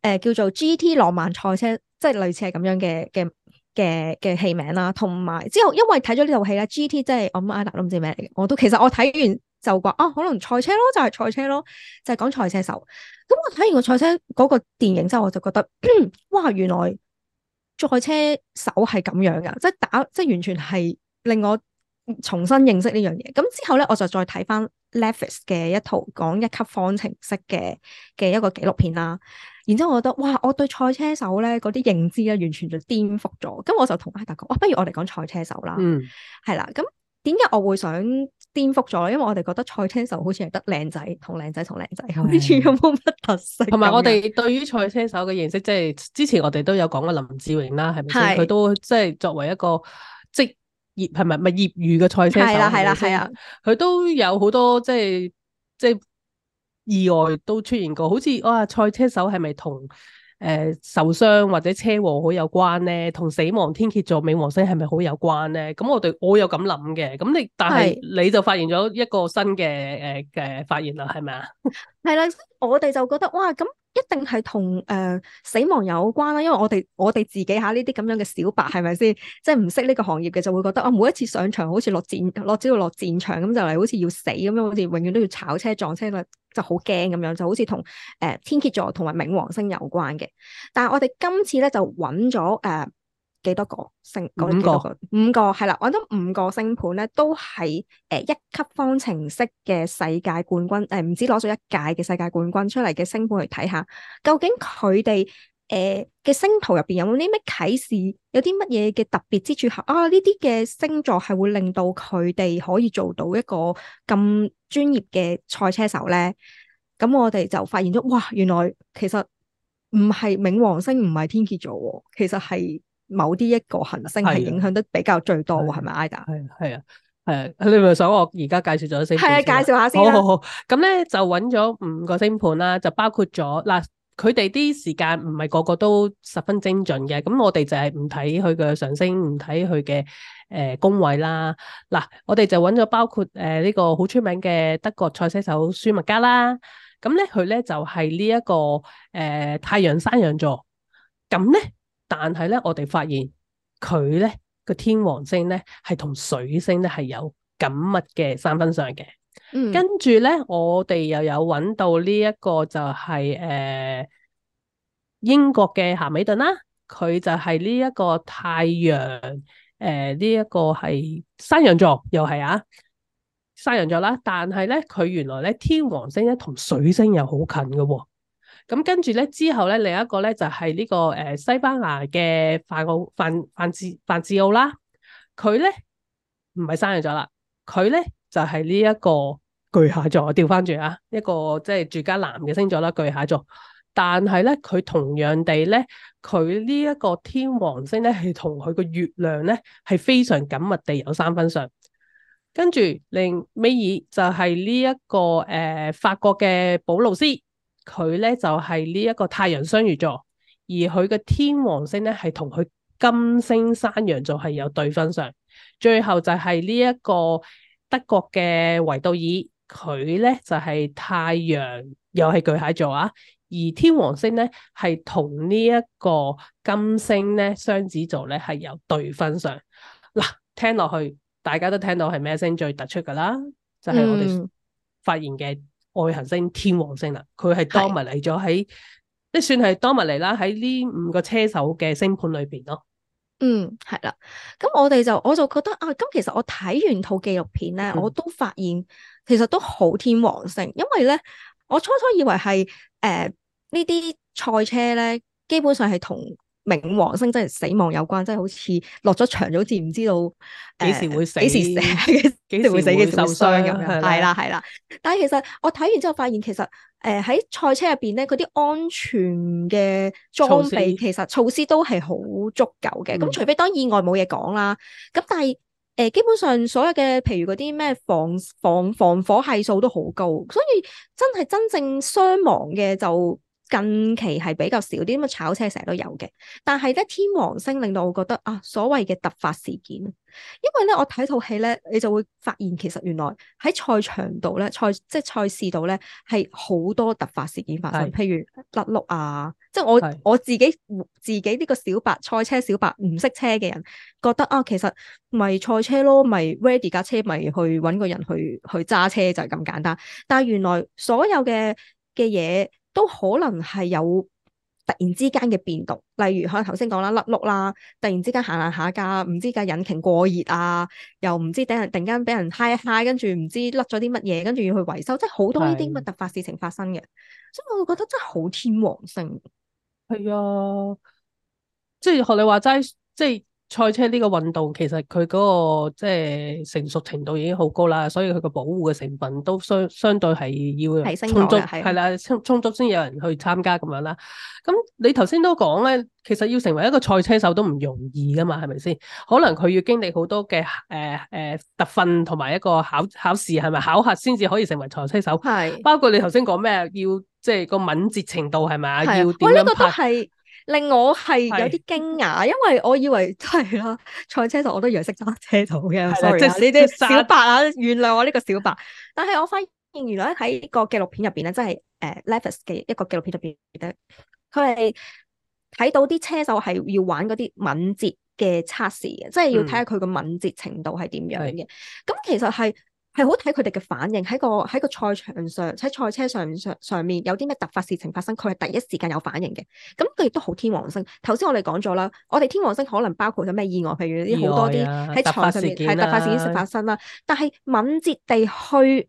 誒、呃，叫做 G.T. 浪漫賽車，即係類似係咁樣嘅嘅嘅嘅戲名啦。同埋之後，因為睇咗呢套戲咧，G.T. 即係我唔記得咗唔知咩嚟嘅。我都其實我睇完就話啊，可能賽車咯，就係賽車咯，就係講賽車手。咁我睇完個賽車嗰個電影之後，我就覺得哇，原來賽車手係咁樣噶，即係打，即係完全係令我重新認識呢樣嘢。咁之後咧，我就再睇翻 Leffers 嘅一套講一級方程式嘅嘅一個紀錄片啦。然之後，我覺得哇，我對賽車手咧嗰啲認知咧，完全就顛覆咗。咁我就同阿達講，哇、啊，不如我哋講賽車手啦。 嗯，係啦。咁點解我會想顛覆咗？因為我哋覺得賽車手好似係得靚仔同靚仔同靚仔，好似有冇乜特色？同埋我哋對於賽車手嘅認識，即係之前我哋都有講過林志榮啦，係咪？佢都即係作為一個職業係咪咪業餘嘅賽車手？係啦係啦係啊！佢都有好多即係即。意外都出現過，好似哇，賽車手係咪同誒受傷或者車禍好有關咧？同死亡天蠍座、冥王星係咪好有關咧？咁我對我有咁諗嘅，咁你但係你就發現咗一個新嘅誒嘅發現啦，係咪啊？係啦，我哋就覺得哇咁。一定係同誒死亡有關啦，因為我哋我哋自己吓呢啲咁樣嘅小白係咪先，即係唔識呢個行業嘅就會覺得啊每一次上場好似落戰落知道落戰場咁就嚟，好似要死咁樣，好似永遠都要炒車撞車咧就好驚咁樣，就好似同誒天蠍座同埋冥王星有關嘅。但係我哋今次咧就揾咗誒。呃幾多個星盤？五個，五個係啦，揾咗五個星盤咧，都係誒、呃、一級方程式嘅世界冠軍誒，唔、呃、知攞咗一屆嘅世界冠軍出嚟嘅星盤嚟睇下，究竟佢哋誒嘅星圖入邊有冇啲咩啟示？有啲乜嘢嘅特別之處？啊，呢啲嘅星座係會令到佢哋可以做到一個咁專業嘅賽車手咧？咁我哋就發現咗，哇！原來其實唔係冥王星，唔係天蠍座，其實係。某啲一個行星係影響得比較最多喎，係咪？Ida 係啊，係啊，你咪想我而家介紹咗星盤先？係啊，介紹下先。好好好，咁咧就揾咗五個星盤啦，就包括咗嗱，佢哋啲時間唔係個個都十分精準嘅，咁我哋就係唔睇佢嘅上升，唔睇佢嘅誒宮位啦。嗱、呃，我哋就揾咗包括誒呢、呃這個好出名嘅德國賽車手舒麥加啦。咁咧佢咧就係呢一個誒、呃、太陽山羊座。咁咧？但係咧，我哋發現佢咧個天王星咧係同水星咧係有緊密嘅三分相嘅。嗯，跟住咧，我哋又有揾到呢一個就係、是、誒、呃、英國嘅咸美頓啦。佢就係呢一個太陽誒呢一個係山羊座又係啊山羊座啦。但係咧，佢原來咧天王星咧同水星又好近嘅、哦。咁跟住咧，之後咧，另一個咧就係、是、呢、這個誒、呃、西班牙嘅范奧范范治范治奧啦。佢咧唔係山羊座啦，佢咧就係呢一個巨蟹座，我調翻轉啊，一個即係住家男嘅星座啦，巨蟹座。但係咧，佢同樣地咧，佢呢一個天王星咧，係同佢個月亮咧係非常緊密地有三分相。跟住令尾二就係呢一個誒、呃、法國嘅保魯斯。佢咧就係呢一個太陽雙魚座，而佢嘅天王星咧係同佢金星山羊座係有對分上。最後就係呢一個德國嘅維度爾，佢咧就係、是、太陽又係巨蟹座啊，而天王星咧係同呢一個金星咧雙子座咧係有對分上。嗱，聽落去大家都聽到係咩星最突出㗎啦，就係、是、我哋發現嘅、嗯。外行星天王星啦，佢係 dominate 咗喺，即的算係 dominate 啦。喺呢五個車手嘅星盤裏邊咯，嗯係啦。咁我哋就我就覺得啊，咁其實我睇完套紀錄片咧，我都發現其實都好天王星，因為咧我初初以為係誒、呃、呢啲賽車咧，基本上係同，明王星真係死亡有關，即係好似落咗場，好似唔知道幾時會死，幾時死，幾時會死，幾時受傷咁樣。係啦，係啦的的。但係其實我睇完之後發現，其實誒喺賽車入邊咧，嗰啲安全嘅裝備，施其實措施都係好足夠嘅。咁、嗯、除非當意外冇嘢講啦。咁但係誒、呃，基本上所有嘅譬如嗰啲咩防防防火係數都好高，所以真係真正傷亡嘅就。近期係比較少啲咁嘅炒車，成日都有嘅。但係咧，天王星令到我覺得啊，所謂嘅突發事件，因為咧，我睇套戲咧，你就會發現其實原來喺賽場度咧，賽即係賽事度咧係好多突發事件發生，是譬如甩碌啊，是即係我是我自己自己呢個小白賽車小白唔識車嘅人，覺得啊，其實咪賽車咯，咪 ready 架車咪去搵個人去去揸車就係、是、咁簡單。但係原來所有嘅嘅嘢。都可能係有突然之間嘅變動，例如可能頭先講啦，甩碌啦，突然之間行下行下，唔知架引擎過熱啊，又唔知俾人突然間俾人嗨一嗨，跟住唔知甩咗啲乜嘢，跟住要去維修，即係好多呢啲咁嘅突發事情發生嘅，是所以我會覺得真係好天王星，係啊，即係學你話齋，即係。賽車呢個運動其實佢嗰個即係成熟程度已經好高啦，所以佢個保護嘅成分都相相對係要充足係啦，充的充足先有人去參加咁樣啦。咁你頭先都講咧，其實要成為一個賽車手都唔容易㗎嘛，係咪先？可能佢要經歷好多嘅誒誒特訓同埋一個考考試係咪考核先至可以成為賽車手？係的包括你頭先講咩？要即係個敏捷程度係咪啊？的要點樣都係的。的令我係有啲驚訝，是因為我以為真係啦，賽車手我都以為識揸車道嘅，即係呢啲小白啊，原諒我呢個小白。 但係我發現原來喺呢個紀錄片入邊咧，即係誒 Lewis 嘅一個紀錄片入邊咧，佢係睇到啲車手係要玩嗰啲敏捷嘅測試嘅，即係要睇下佢個敏捷程度係點樣嘅。咁、嗯、其實係。係好睇佢哋嘅反應，喺個喺個賽場上喺賽車上上上面有啲咩突發事情發生，佢係第一時間有反應嘅。咁佢亦都好天王星。頭先我哋講咗啦，我哋天王星可能包括咗咩意外，譬如啲好多啲喺場上面係、意外啊、突發事件啊、係、突發事件發生啦。但係敏捷地去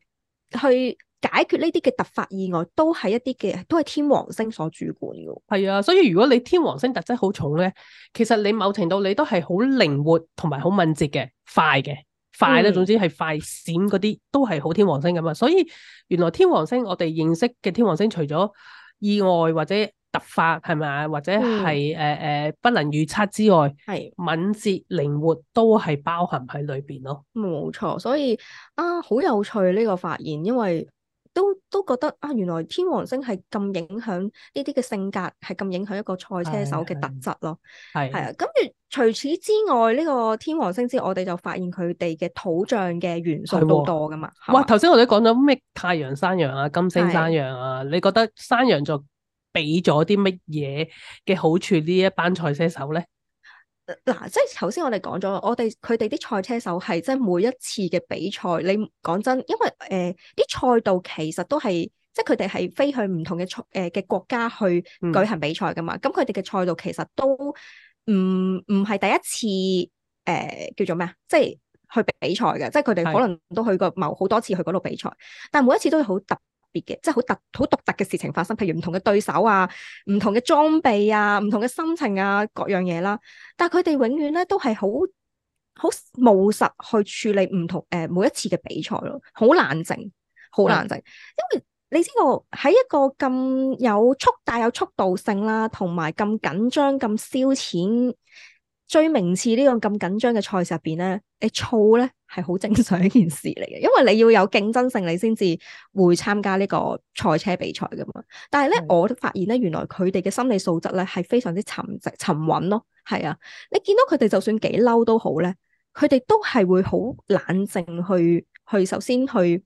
去解決呢啲嘅突發意外，都係一啲嘅都係天王星所主管嘅。係啊，所以如果你天王星特質好重咧，其實你某程度你都係好靈活同埋好敏捷嘅，快嘅。快咧，嗯、總之係快閃嗰啲都係好天王星咁啊！所以原來天王星、嗯、我哋認識嘅天王星，除咗意外或者突發係咪啊？或者係誒誒不能預測之外，係的敏捷靈活都係包含喺裏邊咯。冇錯，所以啊，好有趣呢個發現，因為，都都覺得啊，原來天王星係咁影響呢啲嘅性格，係咁影響一個賽車手嘅特質咯。係係啊，跟住除此之外，呢個天王星之外，我哋就發現佢哋嘅土象嘅元素都多噶嘛。的吧哇！頭先我哋講咗咩太陽山羊啊、金星山羊啊，的你覺得山羊座俾咗啲乜嘢嘅好處呢一班賽車手咧？嗱、啊，即係頭先我哋講咗，我哋佢哋啲賽車手係即係每一次嘅比賽，你講真，因為誒啲賽道其實都係即係佢哋係飛去唔同嘅賽誒嘅國家去舉行比賽噶嘛，咁佢哋嘅賽道其實都唔唔係第一次誒、呃、叫做咩啊，即係去比賽嘅，即係佢哋可能都去過某好多次去嗰度比賽，的但係每一次都好特別，別嘅，即係好特好獨特嘅事情發生，譬如唔同嘅對手啊，唔同嘅裝備啊，唔同嘅心情啊，各樣嘢啦。但係佢哋永遠咧都係好好務實去處理唔同誒、呃、每一次嘅比賽咯，好冷靜，好冷靜。嗯、因為你知道喺一個咁有速大有速度性啦，同埋咁緊張、咁燒錢、追名次這個這緊張呢個咁緊張嘅賽事入邊咧，你燥咧？係好正常一件事嚟嘅，因為你要有競爭性，你先至會參加呢個賽車比賽噶嘛。但係咧，嗯、我發現咧，原來佢哋嘅心理素質咧係非常之沉靜、沉穩咯。係啊，你見到佢哋就算幾嬲都好咧，佢哋都係會好冷靜去去首先去誒、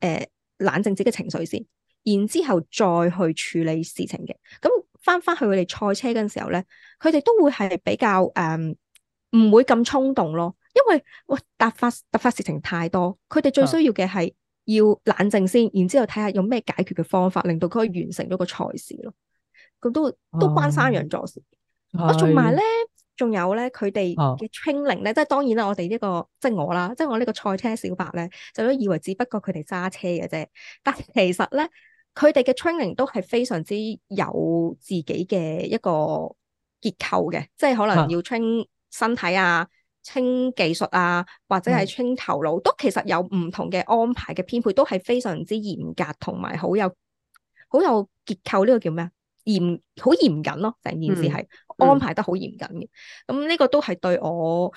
呃、冷靜自己嘅情緒先，然之後再去處理事情嘅。咁翻翻去佢哋賽車嗰時候咧，佢哋都會係比較誒、呃、唔會咁衝動咯。因為喂，突發突發事情太多，佢哋最需要嘅係要冷靜先，的然之後睇下有咩解決嘅方法，令到佢可以完成咗個賽事咯。咁都都關山羊座事。的啊，同埋咧，仲有咧，佢哋嘅 training 咧，即係當然啦，我哋呢個即係我啦，即係我呢個賽車小白咧，就都以為只不過佢哋揸車嘅啫。但其實咧，佢哋嘅 training 都係非常之有自己嘅一個結構嘅，即係可能要 train 身體啊。清技術啊，或者係清頭腦，都其實有唔同嘅安排嘅編配，都係非常之嚴格同埋好有好有結構。呢個叫咩啊？嚴好嚴謹咯，成件事係安排得好嚴謹嘅。咁呢個都係對我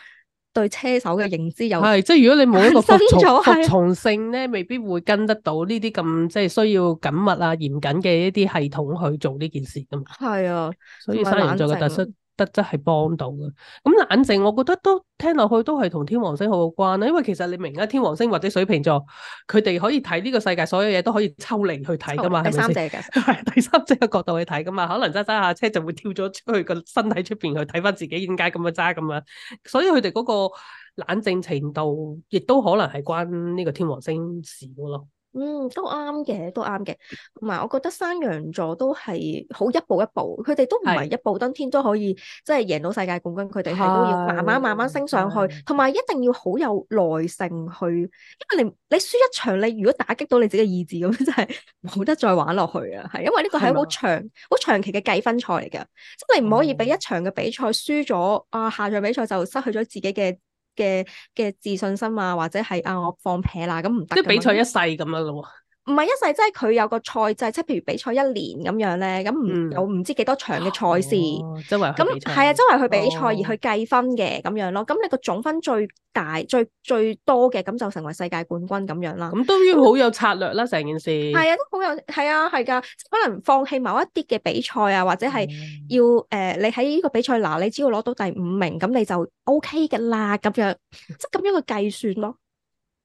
對車手嘅認知有係。即係如果你冇一個服從服從性咧，未必會跟得到呢啲咁即係需要緊密啊、嚴謹嘅一啲系統去做呢件事噶嘛。係啊，所以三人座嘅特色。得真係幫到嘅，咁冷靜，我覺得都聽落去都係同天王星好有關啦。因為其實你明啊，天王星或者水瓶座，佢哋可以睇呢個世界所有嘢都可以抽離去睇噶嘛，係咪先？係第三隻嘅角度去睇噶嘛，可能揸揸下車就會跳咗出去個身體出邊去睇翻自己點解咁樣揸。咁樣，所以佢哋嗰個冷靜程度，亦都可能係關呢個天王星事咯。嗯，都啱嘅，都啱嘅。同埋，我覺得山羊座都係好一步一步，佢哋都唔係一步登天都可以是即係贏到世界冠軍，佢哋係都要慢慢慢慢升上去，同埋是一定要好有耐性去，因為你你輸一場，你如果打擊到你自己嘅意志咁，真係冇得再玩落去啊。係因為呢個係好長好嗎長期嘅計分賽嚟噶，即係你唔可以俾一場嘅比賽輸咗啊，下場比賽就失去咗自己嘅。嘅嘅自信心啊，或者係啊，我放撇啦，咁唔得。即係比賽一世咁樣咯。唔係一世，即係佢有個賽制，即係譬如比賽一年咁樣咧，咁唔有唔知幾多場嘅賽事，咁係啊，周圍去比賽而去計分嘅咁樣咯。咁你個總分最大、最最多嘅咁就成為世界冠軍咁樣啦。咁都要好有策略啦，成件事。係啊，都好有，係啊，係㗎。可能放棄某一啲嘅比賽啊，或者係要誒，你喺呢個比賽嗱，你只要攞到第五名，咁你就 OK 㗎啦。咁樣即係咁樣去計算咯。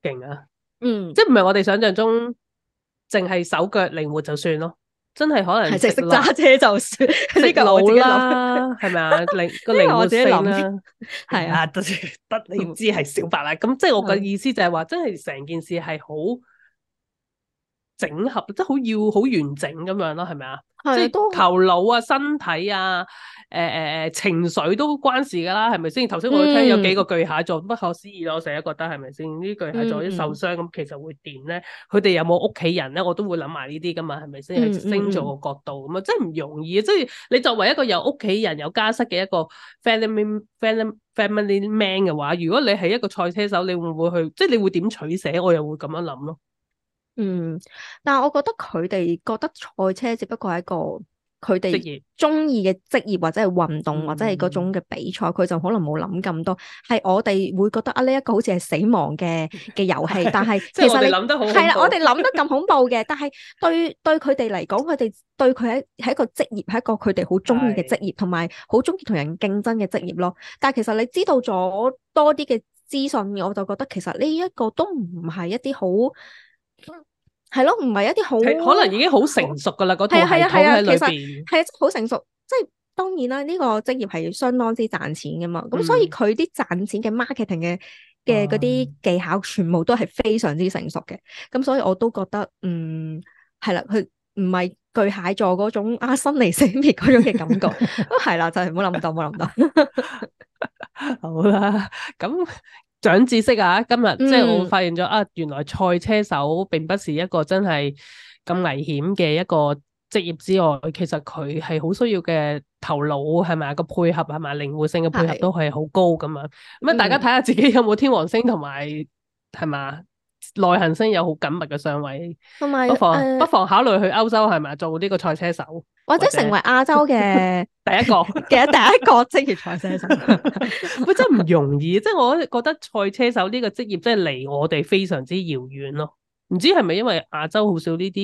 勁啊！嗯，即係唔係我哋想象中。淨係手腳靈活就算咯，真係可能識識揸車就算識路啦，係咪啊？靈 個靈活性啦，係啊、 嗯，得你知係小白啦。咁 即係我嘅意思就係話， 真係成件事係好。整合，即係好要好完整咁樣咯，係咪啊？ 即係頭腦啊、身體啊、誒誒誒情緒都關事噶啦，係咪先？頭先我去聽有幾個巨蟹座。嗯、不可思議咯，我成日覺得係咪先？呢個巨蟹座一受傷咁，其實會點咧？佢哋有冇屋企人咧？我都會諗埋呢啲噶嘛，係咪先？喺星座個角度咁啊、嗯嗯，即係唔容易啊！即係你作為一個有屋企人、有家室嘅一個 family man、family family man 嘅話，如果你係一個賽車手，你會唔會去？即係你會點取捨？我又會咁樣諗咯。嗯，但係我覺得佢哋覺得賽車只不過係一個佢哋中意嘅職業或者係運動，或者係嗰種嘅比賽，佢、嗯、就可能冇諗咁多。係我哋會覺得啊，呢、這、一個好似係死亡嘅嘅遊戲。但係其實你諗得好係啦，我哋諗得咁恐怖嘅。但係對對佢哋嚟講，佢哋對佢係係一個職業，係 一個佢哋好中意嘅職業，同埋好中意同人競爭嘅職業咯。但係其實你知道咗多啲嘅資訊，我就覺得其實呢一個都唔係一啲好。嗯，係咯，唔係一啲好，可能已經好成熟噶啦。嗰套系統喺裏邊係啊，即係好成熟。即係當然啦，呢、這個職業係相當之賺錢噶嘛。咁、嗯、所以佢啲賺錢嘅 marketing 嘅嘅嗰啲技巧，全部都係非常之成熟嘅。咁所以我都覺得，嗯，係啦，佢唔係巨蟹座嗰種阿，生離死別嗰種嘅感覺。係啦， 就係唔好諗多，唔好諗到，到 好啦，咁。長知識啊！今日即係我發現咗、嗯、啊，原來賽車手並不是一個真係咁危險嘅一個職業之外，其實佢係好需要嘅頭腦係咪？個配合係咪？靈活性嘅配合都係好高咁啊！咁啊是，大家睇下自己有冇天王星同埋係嘛？嗯內行星有好緊密嘅相位，後不妨、呃、不妨考慮去歐洲係咪做呢個賽車手，或者成為亞洲嘅者 第一個嘅 第一個職業賽車手。佢 真唔容易，即係我覺得賽車手呢個職業真係離我哋非常之遙遠咯。唔知係咪因為亞洲好少呢啲，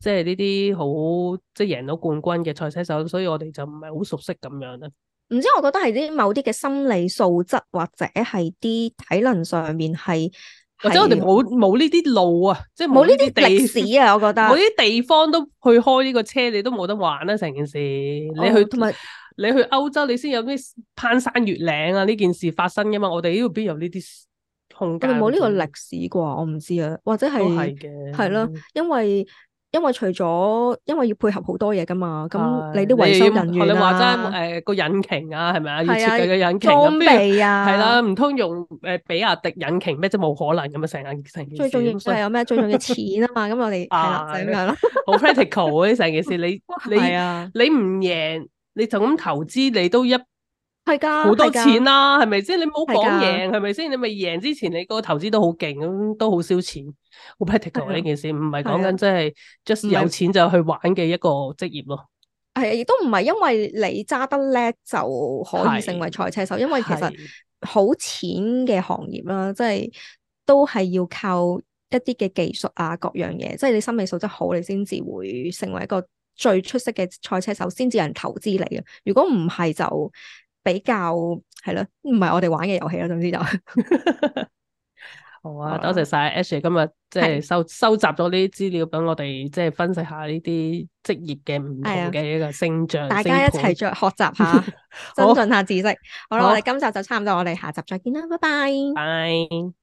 即係呢啲好即係贏到冠軍嘅賽車手，所以我哋就唔係好熟悉咁樣啦。唔知我覺得係啲某啲嘅心理素質，或者係啲體能上面係。或者我哋冇冇呢啲路啊，即係冇呢啲歷史啊，我覺得冇啲地方都去開呢個車，你都冇得玩啦，啊、成件事。哦、你去是你去歐洲，你先有啲攀山越嶺啊呢件事發生噶嘛？我哋呢度邊有呢啲空間？佢冇呢個歷史啩？我唔知啊。或者係係咯，因為。因為除咗，因為要配合好多嘢㗎嘛，咁你啲維修人員啊，誒個、呃、引擎啊，係咪啊，要設計個引擎啊，裝備啊，係啦，唔通用誒比亞迪引擎咩？真冇可能咁啊！成日成最重要唔需係有咩？ 最重要嘅錢啊嘛，咁我哋係啦，咁樣咯。好 practical 成件事，你你、啊、你唔贏，你就咁投資，你都一。係噶，好多錢啦、啊，係咪先？你唔好講贏，係咪先？你未贏之前，你個投資都好勁咁，都好燒錢，好 practical 呢件事，唔係講緊即係 just 有錢就去玩嘅一個職業咯。係，亦都唔係因為你揸得叻就可以成為賽車手，的因為其實好淺嘅行業啦，即、就、係、是、都係要靠一啲嘅技術啊，各樣嘢，即、就、係、是、你心理素質好，你先至會成為一個最出色嘅賽車手，先至有人投資你啊。如果唔係就。比較係咯，唔係我哋玩嘅遊戲咯，總之就好啊！ 好啊，多謝晒，啊、Ashley 今日即係收的收集咗呢啲資料，畀我哋即係分析下呢啲職業嘅唔同嘅一個性象。的盤大家一齊再學習下， 增進下知識。好啦，今集就差唔多我，我哋下集再見啦，拜拜。拜拜。